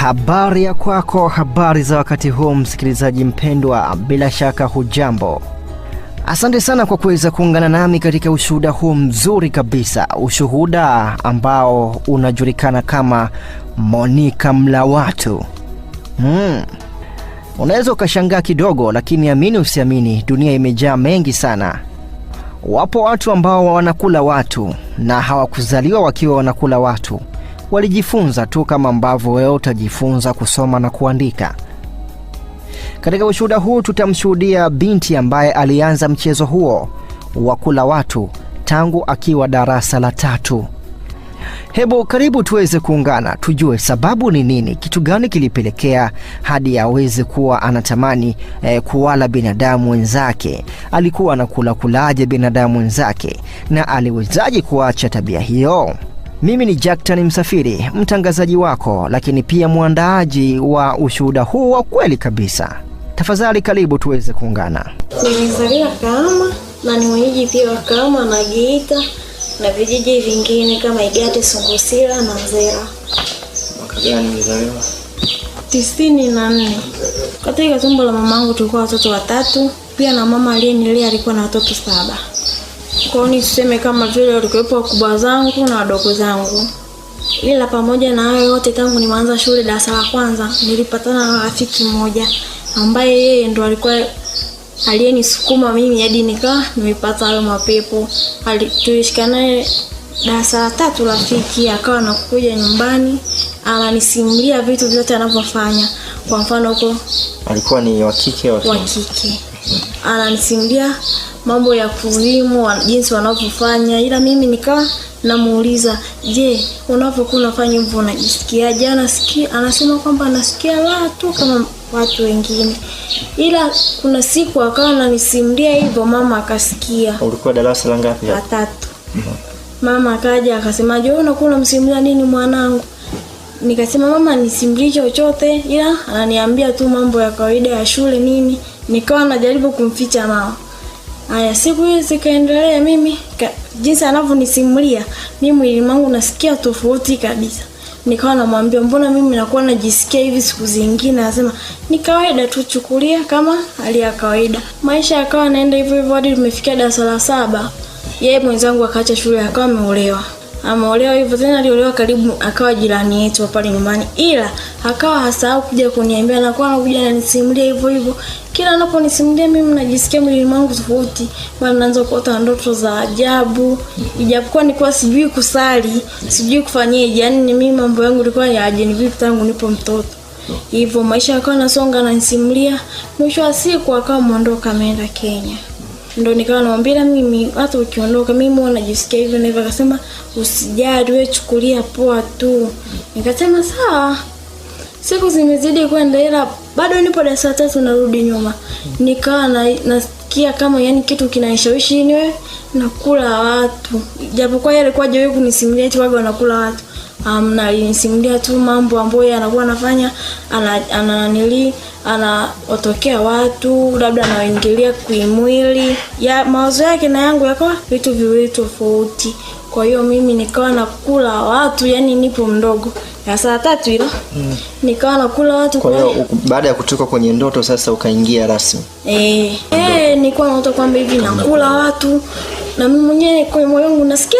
Habari ya kwako, habari za wakati huu, msikilizaji mpendwa, bila shaka hujambo. Asante sana kwa kuweza kuungana nami katika ushuhuda huu mzuri kabisa, ushuhuda ambao unajulikana kama Monica Mlawatu. Hmm. Unaweza ukashangaa kidogo, lakini amini usiamini, dunia imejaa mengi sana. Wapo watu ambao wanakula watu na hawakuzaliwa wakiwa wanakula watu walijifunza tu kama ambavyo wewe utajifunza kusoma na kuandika. Katika ushuhuda huu tutamshuhudia binti ambaye alianza mchezo huo wa kula watu tangu akiwa darasa la tatu. Hebu karibu tuweze kuungana, tujue sababu ni nini, kitu gani kilipelekea hadi aweze kuwa anatamani eh, kuwala binadamu wenzake. Alikuwa anakula kulaje binadamu wenzake, na aliwezaje kuacha tabia hiyo? Mimi ni Jacktan Msafiri, mtangazaji wako, lakini pia mwandaaji wa ushuhuda huu wa kweli kabisa. Tafadhali karibu tuweze kuungana. Nimezaliwa Kahama na ni mwenyeji pia wa Kahama na Geita na vijiji vingine kama Igate, Sungusila na Nzera. Mwaka gani ulizaliwa? tisini na nne. Katika tumbo la mamangu tulikuwa watoto watatu, pia na mama aliyenilea alikuwa na watoto saba. Kwa hiyo niseme kama vile walikuwepo wakubwa zangu na wadogo zangu, ila pamoja na hayo yote, tangu nimeanza shule darasa la kwanza nilipatana na rafiki mmoja ambaye yeye ndo alikuwa aliyenisukuma mimi hadi nikaa nimepata hayo mapepo. Tulishika naye darasa la tatu, rafiki akawa anakuja nyumbani ananisimulia vitu vyote anavyofanya. Kwa mfano huko alikuwa ni wa kike wa kike, ananisimulia mambo ya kuzimu, jinsi wanavyofanya, ila mimi nikawa namuuliza, je, unapokuwa unafanya hivyo unajisikiaje? Anasikia, anasema kwamba anasikia raha tu kama watu wengine, ila kuna siku akawa ananisimulia hivyo, mama akasikia. Ulikuwa darasa la ngapi? La tatu. Mama akaja akasema, je, unakuwa unamsimulia nini mwanangu? Nikasema mama, nisimulie chochote, ila ananiambia tu mambo ya kawaida ya shule nini. Nikawa najaribu kumficha mama. Aya, siku hizi zikaendelea, mimi ka, jinsi anavyonisimulia mimi mwili wangu nasikia tofauti kabisa. Nikawa namwambia mbona mimi nakuwa najisikia hivi siku zingine, anasema ni kawaida tu, chukulia kama hali ya kawaida. Maisha yakawa naenda hivyo hivyo hadi tumefikia darasa la saba, yeye mwenzangu akaacha shule akawa ameolewa ameolewa hivyo. Tena aliolewa karibu, akawa jirani yetu pale nyumbani, ila akawa hasahau kuja kuniambia, anakuwa anakuja ananisimulia hivyo hivyo. Kila anaponisimulia mimi najisikia mwili wangu tofauti, bali naanza kuota ndoto za ajabu, ijapokuwa nilikuwa sijui kusali, sijui kufanyaje. Yaani mimi mambo yangu ilikuwa ya ajeni vipi tangu nipo mtoto hivyo, maisha yakawa nasonga, ananisimulia, mwisho wa siku akawa mwondoka, ameenda Kenya. Ndo nikawa namwambia yaani mimi hata ukiondoka mimi mwana najisikia hivyo na hivyo. Akasema usijali, wewe chukulia poa tu. Nikasema sawa. Siku zimezidi kwenda, ila bado nipo darasa la tatu, narudi nyuma. Nikawa na, nasikia kama yani kitu kinanishawishi niwe nakula watu, japokuwa yeye alikuwa hajawahi kunisimulia eti waga wanakula watu um, na alinisimulia tu mambo ambayo anakuwa anafanya ananili ana anawatokea watu labda anaingilia kuimwili ya mawazo yake na yangu yakawa vitu viwili tofauti. Kwa hiyo mimi nikawa nakula watu, yani nipo mdogo ya saa tatu hilo mm. nikawa nakula watu. Kwa hiyo baada ya kutoka kwenye ndoto sasa ukaingia rasmi eh, eh nilikuwa naota kwamba hivi nakula watu na mimi mwenyewe kwa moyo wangu nasikia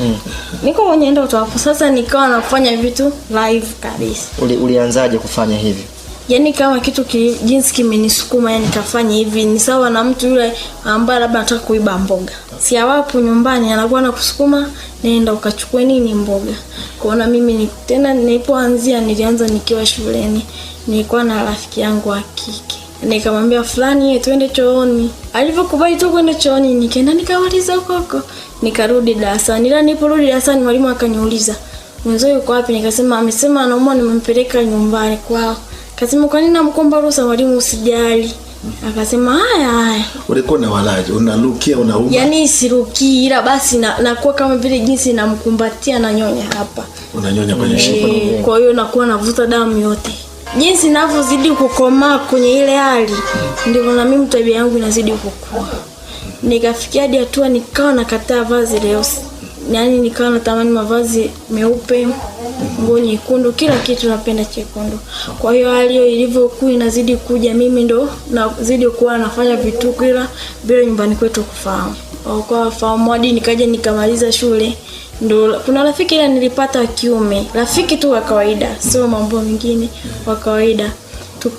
mm. niko mwenye ndo hapo sasa, nikawa nafanya vitu live kabisa. Uli, ulianzaje kufanya hivi? Yaani kama kitu ki, jinsi kimenisukuma yani kafanya hivi. Ni sawa na mtu yule ambaye labda anataka kuiba mboga, si awapo nyumbani anakuwa na kusukuma nenda ukachukue nini mboga. Kuona mimi ni, tena nilipoanzia nilianza nikiwa shuleni, nilikuwa na rafiki yangu wa kike nikamwambia fulani eh, twende chooni. Alivyokubali tu kwenda chooni, nikaenda nikamaliza koko, nikarudi darasani. Ila niliporudi darasani, mwalimu akaniuliza mwanzo yuko wapi? Nikasema amesema anaumwa, nimempeleka nyumbani kwao. Kasema kwa nini namkomba ruhusa mwalimu? Usijali. Akasema haya haya. Ulikuwa na walaji Unarukia unauma? Yani siruki ila basi na, nakuwa kama vile jinsi namkumbatia nanyonya hapa. Unanyonya kwenye eh, shingo. Kwa hiyo nakuwa navuta damu yote jinsi ninavyozidi kukomaa kwenye ile hali ndivyo na mimi tabia yangu inazidi kukua. Nikafikia hadi hatua nikawa nakataa vazi leusi, yaani nikawa natamani mavazi meupe, nguo nyekundu, kila kitu napenda chekundu. Kwa hiyo hali hiyo ilivyokuwa inazidi kuja, mimi ndo nazidi kuwa nafanya vituko, ila bila nyumbani kwetu kufahamu, kwa fahamu hadi nikaja nikamaliza shule ndo kuna rafiki ila nilipata wa kiume, rafiki tu wa kawaida, sio mambo mengine, wa kawaida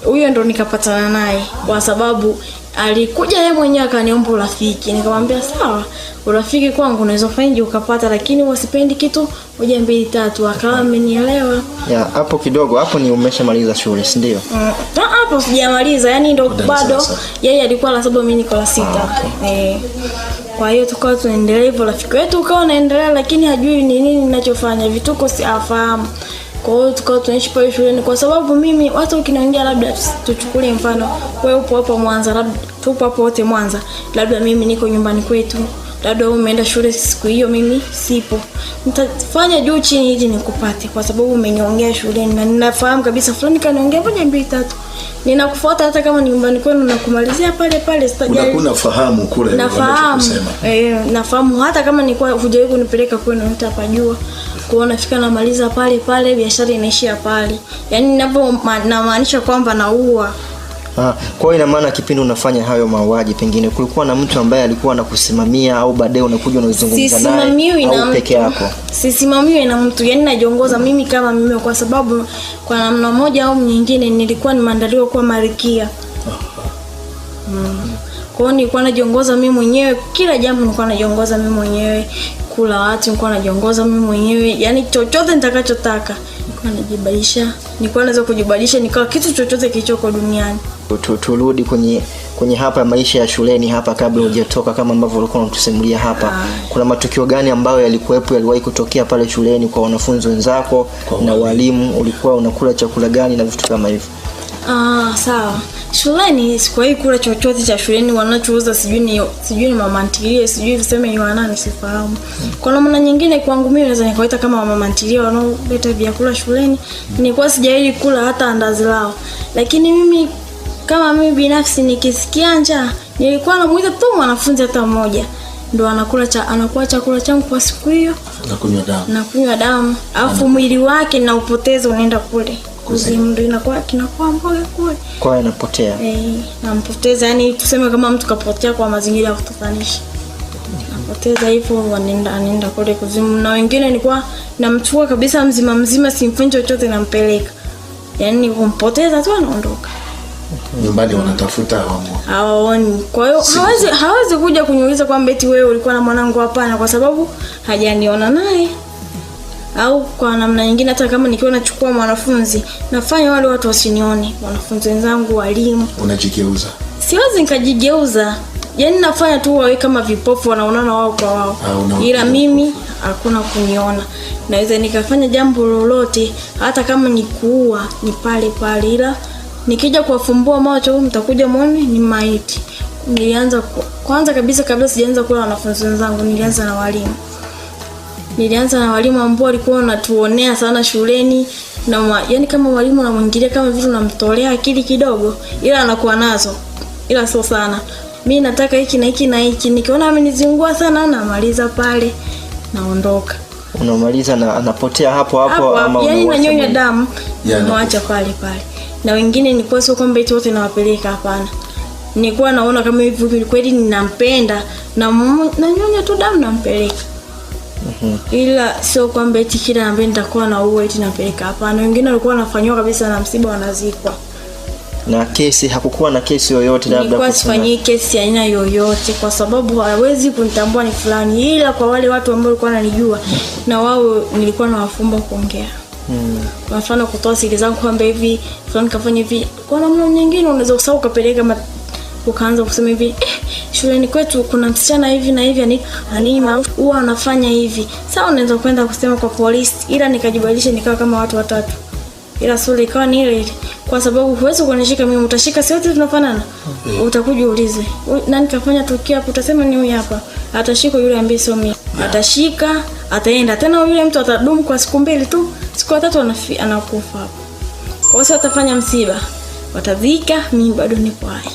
huyo ndo nikapatana naye kwa sababu alikuja yeye mwenyewe akaniomba urafiki, nikamwambia sawa, urafiki kwangu unaweza fanyaje ukapata, lakini wasipendi kitu moja mbili tatu. Akawa amenielewa ya Hapo kidogo hapo ni umeshamaliza shule, si ndio? Mm, ah, hapo sijamaliza, yani ndo bado yeye alikuwa la saba, mimi niko la sita. Ah, e, kwa hiyo tukawa tunaendelea hivyo, rafiki wetu ukawa unaendelea, lakini hajui ni nini ninachofanya, vituko si afahamu kwao hiyo tukawa tunaishi pale shuleni, kwa sababu mimi hata ukiniambia labda tuchukulie mfano, wewe upo hapo Mwanza, labda tupo hapo wote Mwanza, labda mimi niko nyumbani kwetu, labda wewe umeenda shule siku hiyo, mimi sipo, nitafanya juu chini ili nikupate, kwa sababu umeniongea shuleni na ninafahamu kabisa fulani kaniongea moja mbili tatu ninakufuata hata kama ni nyumbani kwenu nakumalizia pale pale, sitajali. Unafahamu kule, nafahamu eh, nafahamu hata kama ni kwa hujawahi kunipeleka kwenu nitapajua kwao, nafika namaliza pale pale, biashara inaishia pale. Yaani napo namaanisha kwamba naua Ah, kwa hiyo ina maana kipindi unafanya hayo mauaji pengine kulikuwa na mtu ambaye alikuwa anakusimamia au baadaye unakuja unazungumza naye au peke yako? Sisimamiwi na mtu, yaani najiongoza mimi kama mimi, kwa sababu kwa namna moja au nyingine nilikuwa nimeandaliwa kuwa malkia. Ah. Mm. Kwa hiyo nilikuwa najiongoza mimi mwenyewe, kila jambo nilikuwa najiongoza mimi mwenyewe kula watu, nilikuwa najiongoza mimi mwenyewe, yaani chochote nitakachotaka nilikuwa najibadilisha, nilikuwa naweza kujibadilisha nikawa kitu chochote kilichoko duniani. Turudi kwenye kwenye hapa maisha ya shuleni hapa, kabla ah. hujatoka, kama ambavyo ulikuwa unatusimulia hapa, ah. kuna matukio gani ambayo yalikuwepo, yaliwahi kutokea pale shuleni kwa wanafunzi wenzako na walimu? Ulikuwa unakula chakula gani na vitu kama hivyo? Ah, sawa. Shuleni sikuwahi kula chochote cha shuleni, wanachouza sijui ni sijui ni mama ntilie, sijui viseme ni wanani, sifahamu. Kwa namna nyingine, kwangu mimi naweza nikawaita kama mama ntilie wanaoleta vyakula shuleni. Nilikuwa sijawahi kula hata andazi lao, lakini mimi kama mimi binafsi nikisikia njaa, nilikuwa namuita tu mwanafunzi hata mmoja ndo anakula cha anakuwa chakula changu kwa siku hiyo, nakunywa damu, nakunywa damu, alafu mwili wake na upoteza unaenda kule kuzimu ndo inakuwa kinakuwa mboga kule, kwa inapotea eh, nampoteza. Yani tuseme kama mtu kapotea kwa mazingira ya kutatanisha, napoteza hivyo, anaenda anaenda kule kuzimu. Na wengine ni nilikuwa namchukua kabisa mzima mzima, simfanye chochote, nampeleka yani kumpoteza tu, anaondoka nyumbani wanatafuta hawaoni. Kwa hiyo hawezi hawezi kuja kuniuliza kwamba eti wewe ulikuwa na mwanangu. Hapana, kwa sababu hajaniona naye au kwa namna nyingine, hata kama nikiwa nachukua mwanafunzi nafanya wale watu wasinione, wanafunzi wenzangu, walimu. Unajigeuza? Siwezi nikajigeuza, yaani nafanya tu wawe kama vipofu, wanaonana wao kwa wao, ah, ila mimi hakuna kuniona. Naweza nikafanya jambo lolote, hata kama ni kuua, ni pale pale, ila nikija kuwafumbua macho mtakuja mwone ni maiti. Nilianza kwanza kabisa, kabla sijaanza kula wanafunzi wenzangu, nilianza na walimu nilianza na walimu ambao walikuwa wanatuonea sana shuleni na ma, yani kama mwalimu namwingilia kama vitu unamtolea akili kidogo, ila anakuwa nazo, ila sio sana. Mi nataka hiki na hiki na hiki, nikiona amenizingua sana namaliza pale, naondoka. Unamaliza na anapotea hapo hapo, hapo ama yani nanyonya damu yeah, naacha pale pale. Na wengine nilikuwa sio kwamba eti wote nawapeleka, hapana nilikuwa naona kama hivi kweli ninampenda na nanyonya tu damu nampeleka. -hmm. Ila sio kwamba eti kila ambaye nitakuwa na uwe eti napeleka, hapana. Wengine walikuwa wanafanyiwa kabisa na msiba wanazikwa. Na kesi hakukuwa na kesi yoyote, labda sifanyii kesi aina yoyote, kwa sababu hawezi kunitambua ni fulani, ila kwa wale watu ambao walikuwa wananijua na wao nilikuwa nawafumba kuongea Hmm. Kwa mfano kutoa siri zangu kwamba hivi fulani kafanya hivi, kwa namna nyingine unaweza usahau ukapeleka ukaanza kusema hivi eh, shuleni kwetu kuna msichana hivi na hivi ani ani huwa anafanya hivi. Sasa unaweza kwenda kusema kwa polisi, ila nikajibadilisha nikawa kama watu watatu, ila sura ikawa ni ile, ile kwa sababu huwezi kunishika mimi, utashika si wote tunafanana. Okay. Mm. Utakuja ulize nani kafanya tukio hapo, utasema ni huyu hapa, atashika yule ambaye sio mimi, yeah. atashika ataenda tena, yule mtu atadumu kwa siku mbili tu, siku ya tatu anakufa hapo. Kwa sababu atafanya msiba, watavika, mimi bado nipo hai.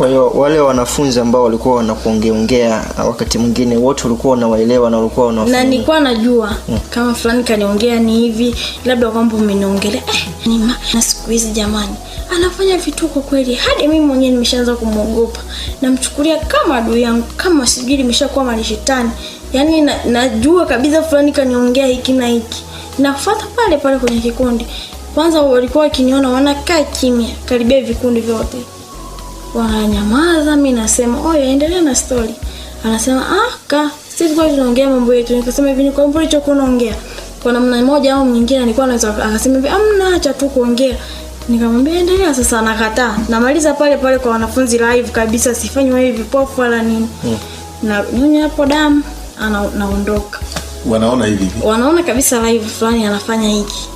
Kwa hiyo wale wanafunzi ambao walikuwa wanakuongeongea wakati mwingine wote walikuwa wanawaelewa na walikuwa wanawafahamu. Na nilikuwa najua hmm. kama fulani kaniongea ni hivi, labda kwamba umeniongelea eh, ni ma, na siku hizi jamani anafanya vitu kwa kweli, hadi mimi mwenyewe nimeshaanza kumwogopa, namchukulia kama adui yangu, kama sijui nimeshakuwa mali shetani. Yaani na, najua kabisa fulani kaniongea hiki na hiki, nafuata pale pale kwenye kikundi. Kwanza walikuwa wakiniona wanakaa kimya karibia vikundi vyote wananyamaza. Mimi nasema oya, endelea na story. Anasema ah, ka sisi tulikuwa tunaongea mambo yetu, nikasema hivi, ni kwa mbona ulichokuwa unaongea kwa namna moja au nyingine, alikuwa anaweza akasema hivi, amna, acha tu kuongea Nikamwambia endelea sasa, anakataa. Namaliza pale pale kwa wanafunzi live kabisa, sifanyi wewe vipofu wala nini hmm. na nyonya hapo damu ana, naondoka. Wanaona hivi hivi, wanaona kabisa live fulani anafanya hiki,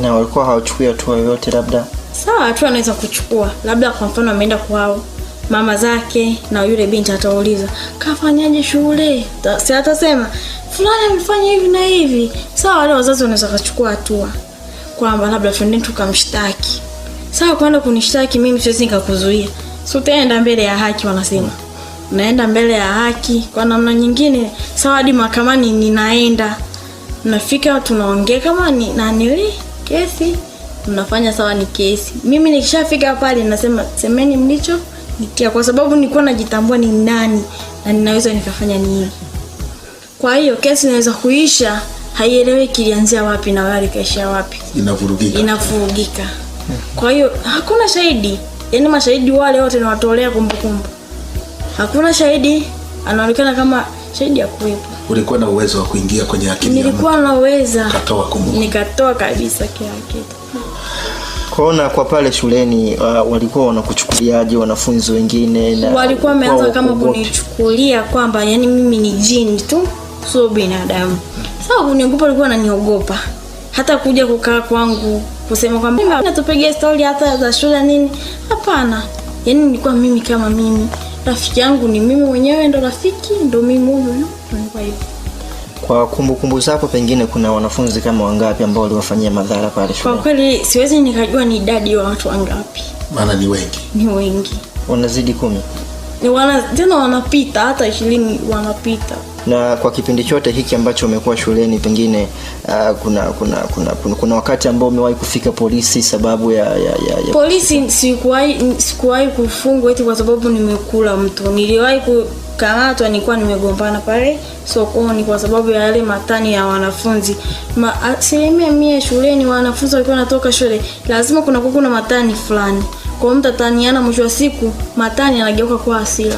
na walikuwa hawachukui hatua yoyote labda sawa, tu anaweza kuchukua, labda kwa mfano ameenda kwao mama zake, na yule binti atauliza kafanyaje shule, si atasema fulani amefanya hivi na hivi. Sawa, wale wazazi wanaweza kuchukua hatua kwamba labda twendeni tukamshtaki. Sawa, kwenda kunishtaki mimi siwezi nikakuzuia, si utaenda mbele ya haki, wanasema naenda mbele ya haki kwa namna nyingine. Sawa, hadi mahakamani ninaenda, nafika, tunaongea kama ni nanili kesi tunafanya sawa, ni kesi. Mimi nikishafika pale nasema semeni mlicho nikia kwa sababu nilikuwa najitambua ni nani na ninaweza nikafanya nini. Kwa hiyo kesi inaweza kuisha, haieleweki ilianzia wapi na wale kaishia wapi, inavurugika, inavurugika. Kwa hiyo hakuna shahidi, yaani mashahidi wale wote nawatolea kumbukumbu, hakuna shahidi anaonekana kama shahidi ya kuwepo. Ulikuwa na uwezo wa kuingia kwenye akili? Nilikuwa naweza, nikatoa kabisa kila Kwaona kwa pale shuleni uh, walikuwa wanakuchukuliaje wanafunzi wengine? Na walikuwa wameanza kama kunichukulia kwamba yani mimi ni jini tu, sio binadamu. Sasa kuniogopa, walikuwa wananiogopa hata kuja kukaa kwangu kusema kwamba natupigia stori hata za shule nini, hapana. Yani nilikuwa mimi kama mimi, rafiki yangu ni mimi mwenyewe, ndo rafiki ndo mimi huyu nilikuwa hivyo kwa kumbukumbu kumbu zako, pengine kuna wanafunzi kama wangapi ambao waliwafanyia madhara pale shule? Kwa kweli siwezi nikajua ni idadi ya watu wangapi, maana ni wengi, ni wengi, wanazidi kumi Ni wana, tena wanapita hata 20 wanapita na kwa kipindi chote hiki ambacho umekuwa shuleni pengine uh, kuna, kuna kuna kuna kuna wakati ambao umewahi kufika polisi sababu ya, ya, ya, ya polisi? Sikuwahi, sikuwahi kufungwa eti kwa sababu nimekula mtu. Niliwahi ku, kamatwa nilikuwa nimegombana pale sokoni kwa sababu ya yale matani ya wanafunzi. asilimia mia shuleni wanafunzi walikuwa wanatoka shule, lazima kuna kuna matani fulani. Kwa hiyo mtataniana, mwisho wa siku matani anageuka kuwa asila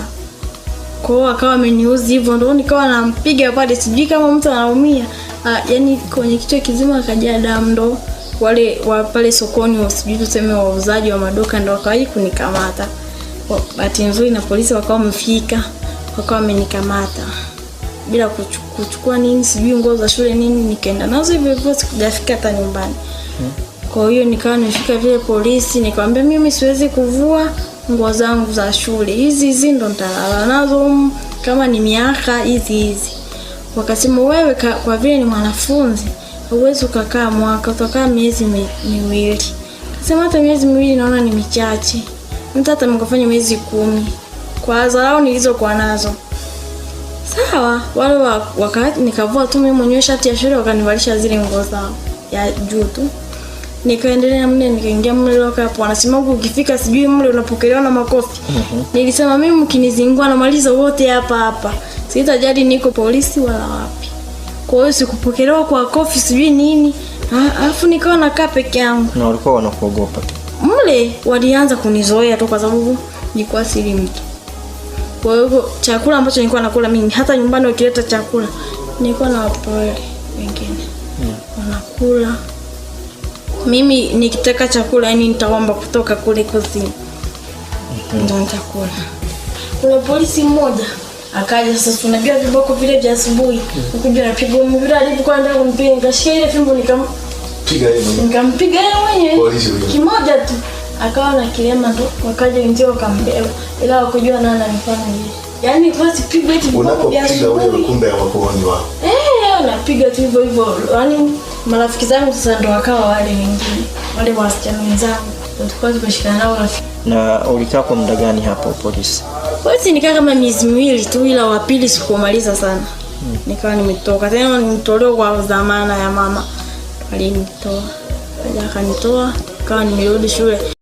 Kwa hiyo akawa ameniuzi hivyo, ndo nikawa nampiga pale, sijui kama mtu anaumia. Ah, yaani kwenye kichwa kizima akajaa damu, ndo wale wa pale sokoni, sijui tuseme wauzaji wa madoka ndo wakawahi kunikamata. Bahati nzuri na polisi wakawa wamefika wakawa wamenikamata bila kuchukua nini, sijui nguo za shule nini, nikaenda nazo hivyo hivyo, sikujafika hata nyumbani. Hmm. Kwa hiyo nikawa nimefika vile polisi, nikamwambia mimi siwezi kuvua nguo zangu za shule hizi hizi, ndo nitalala nazo kama ni miaka hizi hizi. Wakasema wewe ka, kwa vile ni mwanafunzi huwezi ukakaa mwaka, utakaa miezi miwili. Kasema hata miezi miwili naona ni michache, mtu hata mkafanya miezi kumi kwa dharau nilizokuwa nazo. Sawa, wale wakati nikavua tu mimi mwenyewe shati ya shule, wakanivalisha zile nguo zao ya juu tu. Nikaendelea mle, nikaingia mle loka hapo, wanasema huku ukifika sijui mle unapokelewa na makofi. mm -hmm. Nilisema mimi mkinizingua na maliza wote hapa hapa, sitajali niko polisi wala wapi. Kwa hiyo sikupokelewa kwa kofi sijui nini, alafu nikawa nakaa peke yangu. Na walikuwa wanakuogopa mle, walianza kunizoea tu kwa sababu nilikuwa siri mtu kwa hiyo chakula ambacho nilikuwa nakula mimi, hata nyumbani ukileta chakula nilikuwa na wapoeli wengine yeah. wanakula mimi nikitaka chakula yani nitaomba kutoka kule kuzini mm-hmm. ndo nitakula. Kuna polisi mmoja akaja sasa, tunajua viboko vile vya asubuhi mm-hmm. ukuja napigwa mvira, alipokuwa anataka kumpiga nikashika ile fimbo nikampiga yeye mwenyewe kimoja tu akawa na kilema tu, wakaja wenzio wakambeba, ila wakujua nani anafanya hivi. Yani basi pigwa eti unapopiga wewe, kumbe hawakuoni wao. Eh, unapiga tu hivyo hivyo. Yani marafiki zangu sasa ndo wakawa wale wengine, wale wasichana wenzangu tulikuwa tumeshikana nao. Na ulikaa kwa muda gani hapo polisi? Polisi nikaa kama miezi miwili tu, ila wa pili sikumaliza sana hmm. Nikawa nimetoka tena, nitolewa kwa dhamana ya mama, alinitoa aja akanitoa, nikawa nimerudi shule